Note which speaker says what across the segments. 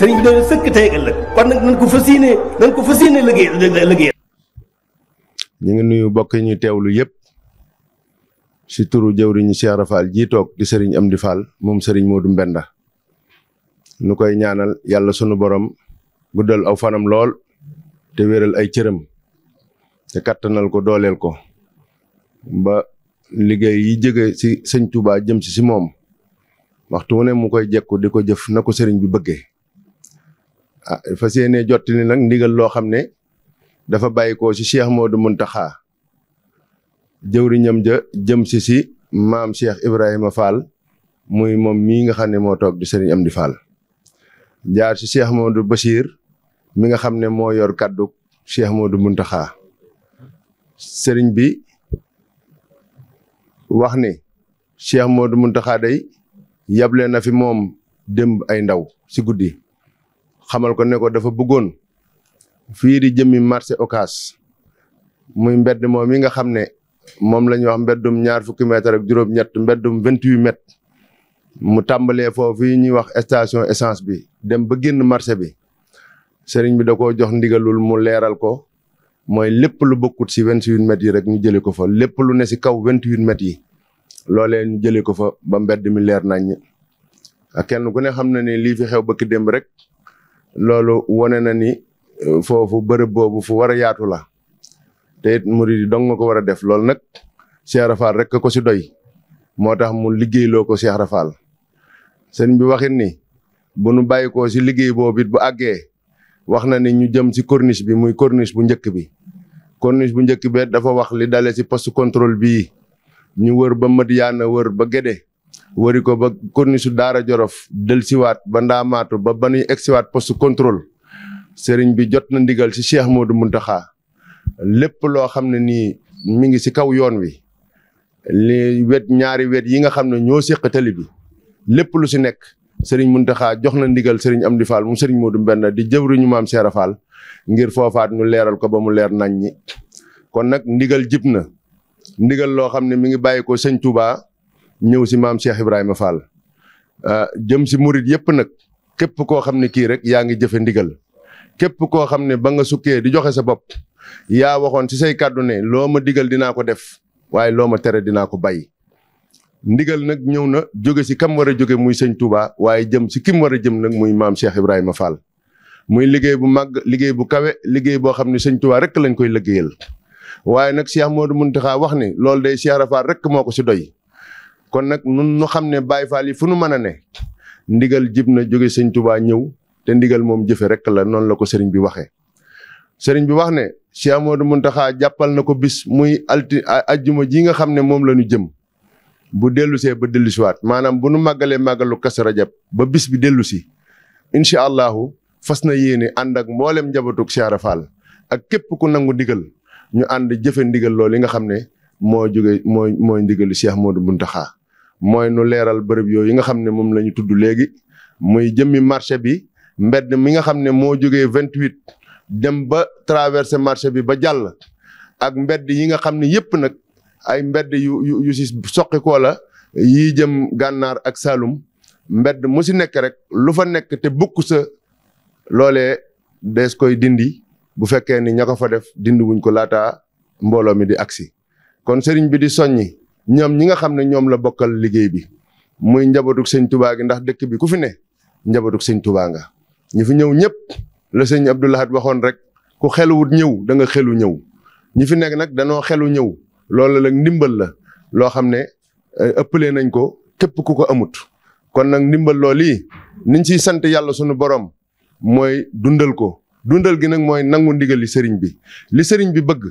Speaker 1: sëriñ bi dana sëkk tey ëllëg kon nag nañ ko fas yéene ko fas yéene liggéey ngi nuyu bokk ñu teewlu yépp si turu jëwriñu Cheikh Rafal jii toog di sëriñ Amdi Fall moom sëriñ Modou Mbenda nu koy ñaanal yàlla sunu borom guddal aw fanam lool te wéral ay cëram te kattanal ko dooleel ko ba liggéey yi jóge si sëñ Touba jëm si moom waxtu wu mu koy jekku di ko jëf na ko sëriñ bi bëggee ah fas yéene ni nag ndigal loo xam ne dafa bàyyi ko ci Cheikh Modou Mountakha jëwriñam ja jëm si si maam Cheikh Ibrahima Fall muy moom mii nga xam ne moo toog di am Amdi Fall jaar ci Cheikh du Bachir mi nga xam ne moo yor kàddu Cheikh Modou Mountakha sëriñ bi wax ni Cheikh Modou Mountakha day yable na fi moom démb ay ndaw si guddi xamal ko ne ko dafa bëggoon fii di jëmmi marché Ocass muy mbedd moom mi nga xam ne moom la wax mbeddum ñaar fukki mètre ak juróom-ñett mbeddum vingt-huit mètres mu tàmbalee foofu yi ñuy wax station essence bi dem ba génn marché bi sëriñ bi da ko jox ndigalul mu leeral ko mooy lépp lu bokkut si vingt-huit mètres yi rek ñu jëlee ko fa lépp lu ne si kaw vingt-huit mètres yi loolee ñu jëlee ko fa ba mbedd mi leer naññ kenn ku ne xam na ni lii fi xew bëkk démb rek loolu wane na ni euh, foofu bërëb boobu fu war a yaatu la te it murid yi ko war a def loolu nag Cheikh Rafal rek ko ci doy moo tax mu liggéeyloo ko Cheikh Rafal sëñ bi waxin ni bu nu bàyyi ko si liggéey boobu it bu àggee wax na ni ñu jëm si corniche bi muy corniche bu njëkk bi. corniche bu njëkk bi dafa wax li dale si poste contrôle bii ñu wër ba Madiyaana wër ba Gédé wari ko ba corniche su Daara Jolof del siwaat ba ndaamaatu ba ba nuy egsiwaat poste contrôle sëriñ bi jot na ndigal si ci Cheikh Modou Muntaxa lépp loo xam ne nii mi ngi si kaw yoon wi li wet ñaari wet yi nga xam ne ñoo séq tali bi lépp lu ci nekk sëriñ Muntaxa jox na ndigal sëriñ Amdi Fall mu sëriñ du Mbenn di jëwriñu maam Seera Fall ngir foofaat ñu leeral ko ba mu leer nañ ñi kon nag ndigal jib na ndigal loo xam ne mi ngi bàyyi ko sëñ Touba ñëw si maam Cheikh Ibrahima Fall euh, jëm si murit yëpp nag képp koo xam ne kii rek yaa ngi jëfe ndigal képp koo xam ne ba nga sukkee di joxe sa bopp yaa waxoon si say kàddu ne loo ma digal dinaa ko def waaye loo ma tere dinaa ko bay ndigal nag ñëw na jóge si kam war a jóge muy sëñ Touba waaye jëm si kim war a jëm nag muy maam Cheikh Ibrahima Fall muy liggéey bu màgg liggéey bu kawe liggéey boo xam ne sëñ Touba rek lañ koy liggéeyal waaye nag Cheikh Modou Mountakha wax ni loolu day Cheikh Rafal rek moo ko si doy kon nag nun nu xam ne Baay Faal yi fu nu mën a ne ndigal jib na jóge sëñ Tuubaa ñëw te ndigal moom jëfe rek la noonu la ko sëriñ bi waxee sëriñ bi wax ne Cheikh Amadou Muntaxa jàppal na ko bis muy alti ajjuma ji nga xam ne moom la ñu jëm bu dellusee ba dellusiwaat maanaam bu nu màggalee màggalu Kazu Rajab ba bis bi dellu si incha allahu fas na yéene ànd ak mboolem njabootug Cheikh Ibra ak képp ku nangu ndigal ñu ànd jëfe ndigal loolu yi nga xam ne moo jóge mooy mooy ndigalu Cheikh Amadou Muntaxa mooy nu leeral bërëb yooyu yi nga xam ne moom la ñu tudd léegi muy jëmmi marché bi mbedd mi nga xam ne moo jógee vingt huit dem ba traversé marché bi ba jàll ak mbedd yi nga xam ne yëpp nag ay mbedd yu yu yu si soqikoo la jëm gànnaar ak Saloum mbedd mu si nekk rek lu fa nekk te bukk sa loolee dees koy dindi bu fekkee ni ña ko fa def dindi wuñ ko laataa mbooloo mi di agsi kon sëriñ bi di soññi ñoom ñi nga xam ne ñoom la bokkal liggéey bi muy njabootu sëñ tubaa gi ndax dëkk bi ku fi ne njabootu sëñ tubaa nga ñi fi ñëw ñëpp la sëñ Abdou Lahad waxoon rek ku xeluwut ñëw da nga xelu ñëw ñi fi nekk nag danoo xelu ñëw loolu nag ndimbal la loo xam ne eh, ëpple nañ ko képp ku ko amut kon nag ndimbal loolu yi niñ ciy sant yàlla sunu borom mooy dundal ko dundal gi nag mooy nangu ndigal li sëriñ bi li sëriñ bi bëgg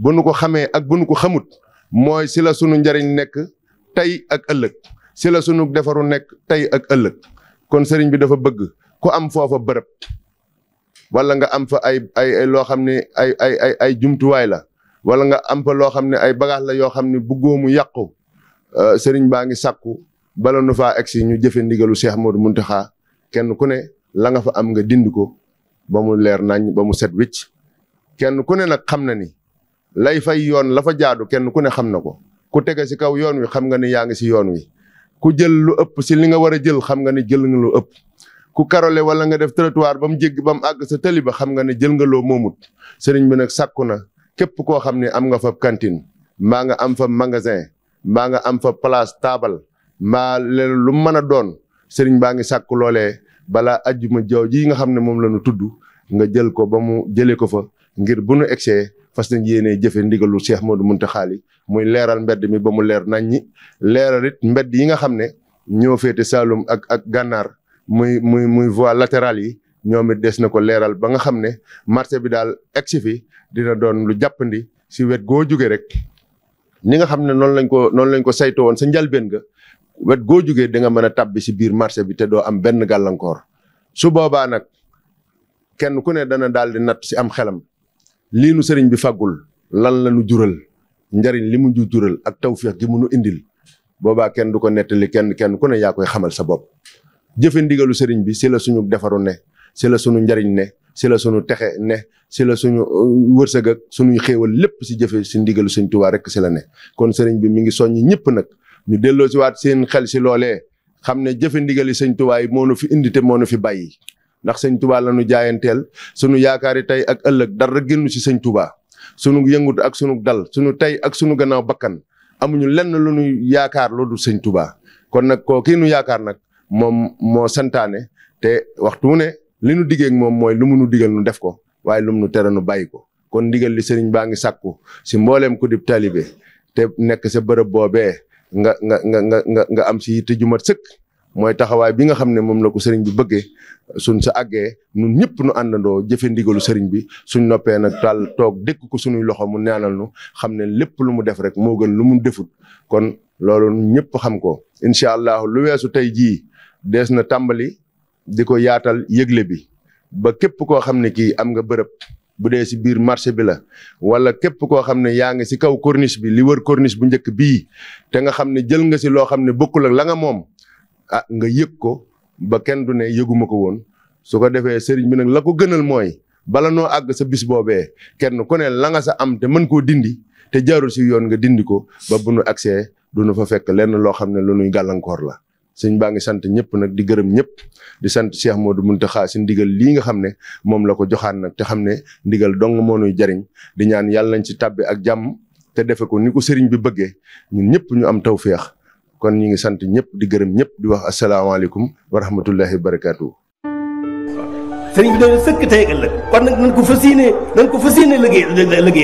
Speaker 1: bu nu ko xamee ak bu nu ko xamut mooy si la sunu njariñ nekk tey ak ëllëg si la sunu defaru nekk tey ak ëllëg kon sëriñ bi dafa bëgg ku am foofa bërëb wala nga am fa ay loo xam ne ay ay ay ay jumtuwaay la wala nga am fa loo xam ne ay bagage la yoo xam ne bëggoo mu yàqu euh, sëriñ baa ngi sàkku bala nu faa egsi ñu jëfe ndigalu Cheikh Modou Mountakha kenn ku ne la nga fa am nga dind ko ba mu leer nañ ba mu set wicc kenn ku ne nag xam na ni lay fay yoon lafa fa jaadu kenn ku ne xam na ko ku tege si kaw yoon wi xam nga ni yaa ngi si yoon wi ku jël lu ëpp si li nga war a jël xam nga ni jël nga lu ëpp ku karole wala nga def trottoir ba mu jéggi ba mu àgg sa tali ba xam nga ne jël nga loo moomut sëriñ bi nag sàkku na képp koo xam ne am nga fa kantine mbaa nga am fa magasin mbaa nga am fa palaas taabal mbaa leen lu mën a doon sëriñ baa ngi sàkku loolee balaa ma jaw ji nga xam ne moom la tudd nga jël ko ba mu jëlee ko fa ngir bu nu egsee fas nañ yéene jëfe ndigalu Cheikh Modou Mountakha li muy leeral mbedd mi ba mu leer nañ ñi leeral mbedd yi nga xam ne ñoo féete Saalum ak ak gànnaar muy muy muy voie latérale yi ñoom it des na ko leeral ba nga xam ne marché bi daal egsi fi dina doon lu jàppandi si wet goo jóge rek ni nga xam ne noonu lañ ko noonu lañ ko saytoo woon sa njalbeen ga wet goo jógee da nga mën a tàbbi si biir marché bi te doo am benn gàllankoor su boobaa nag kenn ku ne dana daal di natt si am xelam lii nu sëriñ bi fàggul lan la nu jural njariñ li mu ju jural ak tawféex gi mu nu indil boobaa kenn du ko nettali kenn kenn ku ne yaa koy xamal sa bopp. jëfe ndigalu sëriñ bi si la suñu defaru ne si la suñu njariñ ne si la suñu texe ne si la suñu uh, wërsëg ak suñuy xéewal lépp si jëfe si ndigalu Sëriñ Tuubaa rekk si la ne kon sëriñ bi mu ngi soññ ñëpp nag ñu delloo si waat seen xel si loolee xam ne jëfe ndigali Sëriñ Tuubaa moo nu fi indi te moo nu fi bàyyi. ndax sëñ Touba la ñu jaayanteel sunu yaakaari tey ak ëllëg dara génnu ci sëñ Touba sunu yëngut ak sunu dal sunu tey ak sunu gannaaw bakkan amuñu lenn lu ñu yaakaar lu dul sëñ Touba kon nag koo kii nu yaakaar nag moom moo santaane te waxtu wu ne li nu diggee moom mooy lu mu nu digal nu def ko waaye lu mu nu tere nu bàyyi ko kon ndigal li sëriñ baa ngi sàkku si mbooleem ku dib taalibe te nekk se bërëb boobee nga nga nga nga nga am si te ju mat sëkk mooy taxawaay bi nga xam ne moom la ko sëriñ bi bëggee suñ sa àggee ñun ñëpp nu àndandoo jëfe ndigalu sëriñ bi suñ noppee nag taal toog dëkk ko suñuy loxo mu ñaanal nu xam ne lépp lu mu def rek moo gën lu mu defut kon loolu ñëpp xam ko incha allahu lu weesu tey jii dees na tàmbali di ko yaatal yëgle bi ba képp koo xam ne kii am nga bërëb bu dee si biir marché bi la wala képp koo xam ne yaa ngi si kaw corniche bi li wër corniche bu njëkk bii te nga xam ne jël nga si loo xam ne bokkul ak la nga moom ah nga yëg ko ba kenn du ne yëguma ko woon su ko defee sëriñ bi nag la ko gënal mooy bala noo àgg sa bis boobee kenn ku ne la nga sa am te mën koo dindi te jaarul si yoon nga dindi ko ba bu nu agsee du nu fa fekk lenn loo xam ne lu nuy gàllankoor la. sëñ baa ngi sant ñëpp nag di gërëm ñëpp di sant Cheikh Modou Mountakha si ndigal lii nga xam ne moom la ko joxaan nag te xam ne ndigal dong moo nuy jariñ di ñaan yàlla nañ ci tàbbi ak jàmm te defee ko ni ko sëriñ bi bëggee ñun ñëpp ñu am feex kon ñu ngi sant ñëpp di gërëm ñëpp di wax asalaamaaleykum wa rahmatullahi wa barakaatu. sëriñ bi de sëkk tey ëllëg kon nag nañ ko fas yéene ko fas yéene liggéey